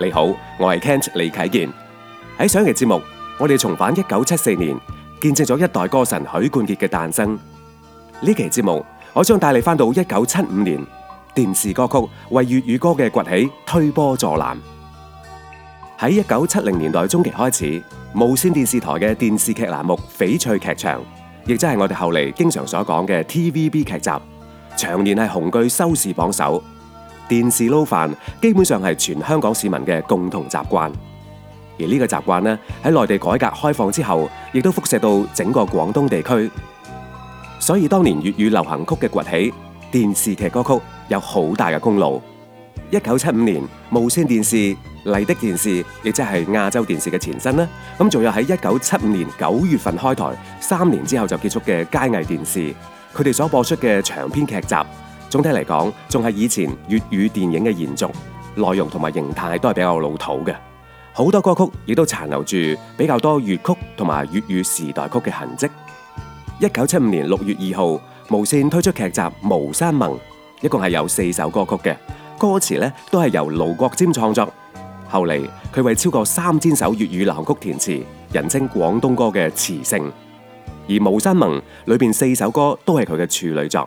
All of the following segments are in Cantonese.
你好，我係 Kent 李啓健。喺上期節目，我哋重返一九七四年，見證咗一代歌神許冠傑嘅誕生。呢期節目，我將帶你返到一九七五年，電視歌曲為粵語歌嘅崛起推波助瀾。喺一九七零年代中期開始，無線電視台嘅電視劇欄目《翡翠劇場》，亦即係我哋後嚟經常所講嘅 TVB 劇集，長年係紅踞收視榜首。電視撈飯基本上係全香港市民嘅共同習慣，而呢個習慣呢喺內地改革開放之後，亦都輻射到整個廣東地區。所以當年粵語流行曲嘅崛起，電視劇歌曲有好大嘅功勞。一九七五年，無線電視、麗的電視，亦即係亞洲電視嘅前身啦。咁仲有喺一九七五年九月份開台，三年之後就結束嘅佳藝電視，佢哋所播出嘅長篇劇集。總體嚟講，仲係以前粵語電影嘅延續，內容同埋形態都係比較老土嘅。好多歌曲亦都殘留住比較多粵曲同埋粵語時代曲嘅痕跡。一九七五年六月二號，無綫推出劇集《巫山盟》，一共係有四首歌曲嘅，歌詞呢都係由盧國沾創作。後嚟佢為超過三千首粵語流行曲填詞，人稱廣東歌嘅詞聖。而《巫山盟》裏邊四首歌都係佢嘅處女作。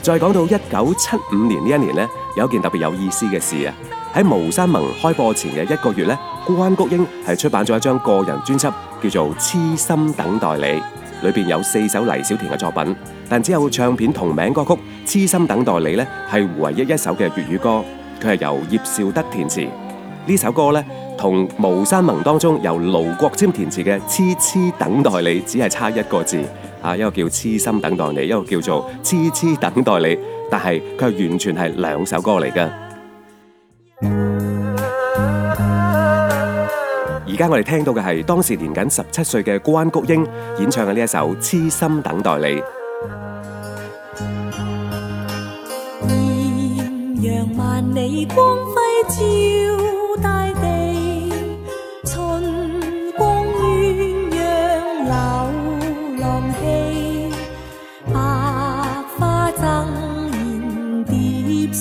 再講到一九七五年呢一年呢，有一件特別有意思嘅事啊。喺巫山盟開播前嘅一個月呢，關菊英係出版咗一張個人專輯，叫做《痴心等待你》，裏邊有四首黎小田嘅作品，但只有唱片同名歌曲《痴心等待你》呢，係唯一一首嘅粵語歌。佢係由葉紹德填詞，呢首歌呢，同巫山盟當中由盧國沾填詞嘅《痴痴等待你》只係差一個字。啊！一個叫《痴心等待你》，一個叫做《痴痴等待你》，但係佢係完全係兩首歌嚟嘅。而家我哋聽到嘅係當時年僅十七歲嘅關菊英演唱嘅呢一首《痴心等待你》。艷陽萬里光輝照。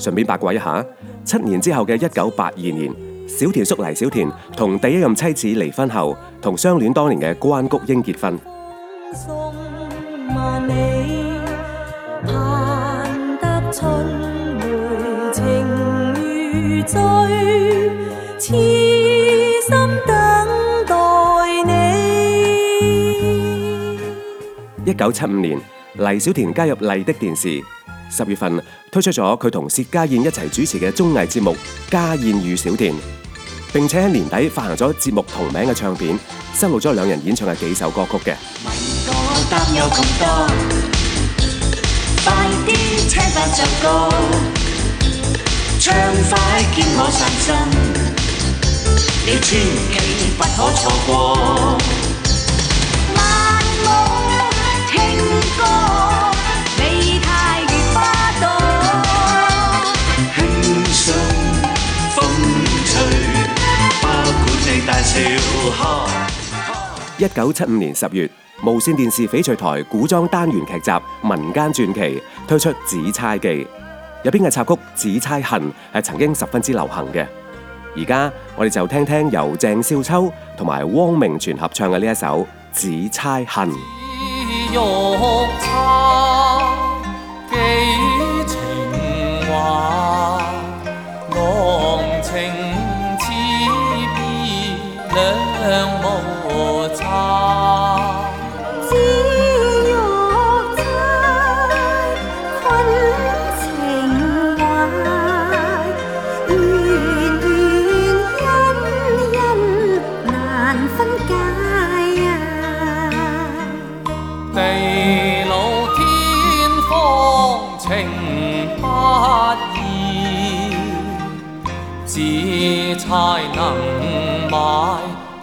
順便八卦一下，七年之後嘅一九八二年，小田叔黎小田同第一任妻子離婚後，同相戀當年嘅關菊英結婚。一九七五年，黎小田加入麗的電視。十月份推出咗佢同薛家燕一齊主持嘅綜藝節目《家燕與小田》，並且喺年底發行咗節目同名嘅唱片，收錄咗兩人演唱嘅幾首歌曲嘅。一九七五年十月，無線電視翡翠台古裝單元劇集《民間傳奇》推出《紫釵記》，入邊嘅插曲《紫釵恨》係曾經十分之流行嘅。而家我哋就聽聽由鄭少秋同埋汪明荃合唱嘅呢一首《紫釵恨》。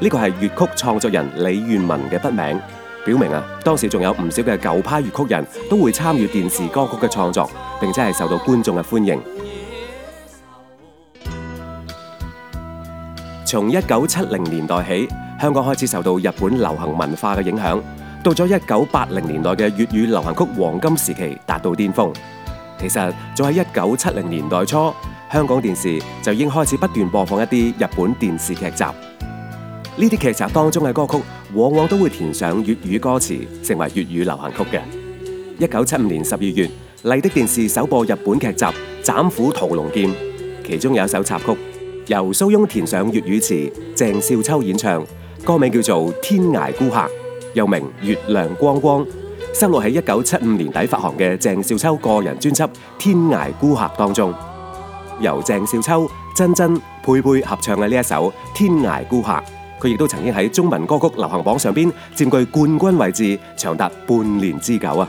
呢個係粵曲創作人李元文嘅筆名，表明啊，當時仲有唔少嘅舊派粵曲人都會參與電視歌曲嘅創作，並且係受到觀眾嘅歡迎。從一九七零年代起，香港開始受到日本流行文化嘅影響，到咗一九八零年代嘅粵語流行曲黃金時期達到巔峰。其實早喺一九七零年代初，香港電視就已經開始不斷播放一啲日本電視劇集。呢啲劇集當中嘅歌曲，往往都會填上粵語歌詞，成為粵語流行曲嘅。一九七五年十二月，麗的電視首播日本劇集《斬虎屠龍劍》，其中有一首插曲，由蘇翁填上粵語詞，鄭少秋演唱，歌名叫做《天涯孤客》，又名《月亮光光》，收錄喺一九七五年底發行嘅鄭少秋個人專輯《天涯孤客》當中，由鄭少秋、珍珍、佩佩合唱嘅呢一首《天涯孤客》。佢亦都曾經喺中文歌曲流行榜上邊佔據冠軍位置，長達半年之久啊！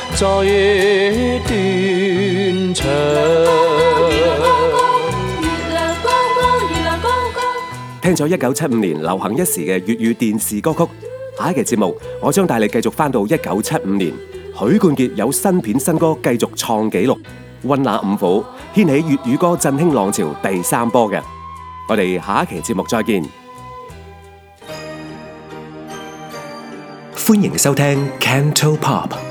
在斷腸，月亮光光，月亮光光。聽咗一九七五年流行一時嘅粵語電視歌曲。下一期節目我將帶你繼續返到一九七五年，許冠傑有新片新歌繼續創紀錄，溫拿五虎掀起粵語歌振興浪潮第三波嘅。我哋下一期節目再見，歡迎收聽 Canto Pop。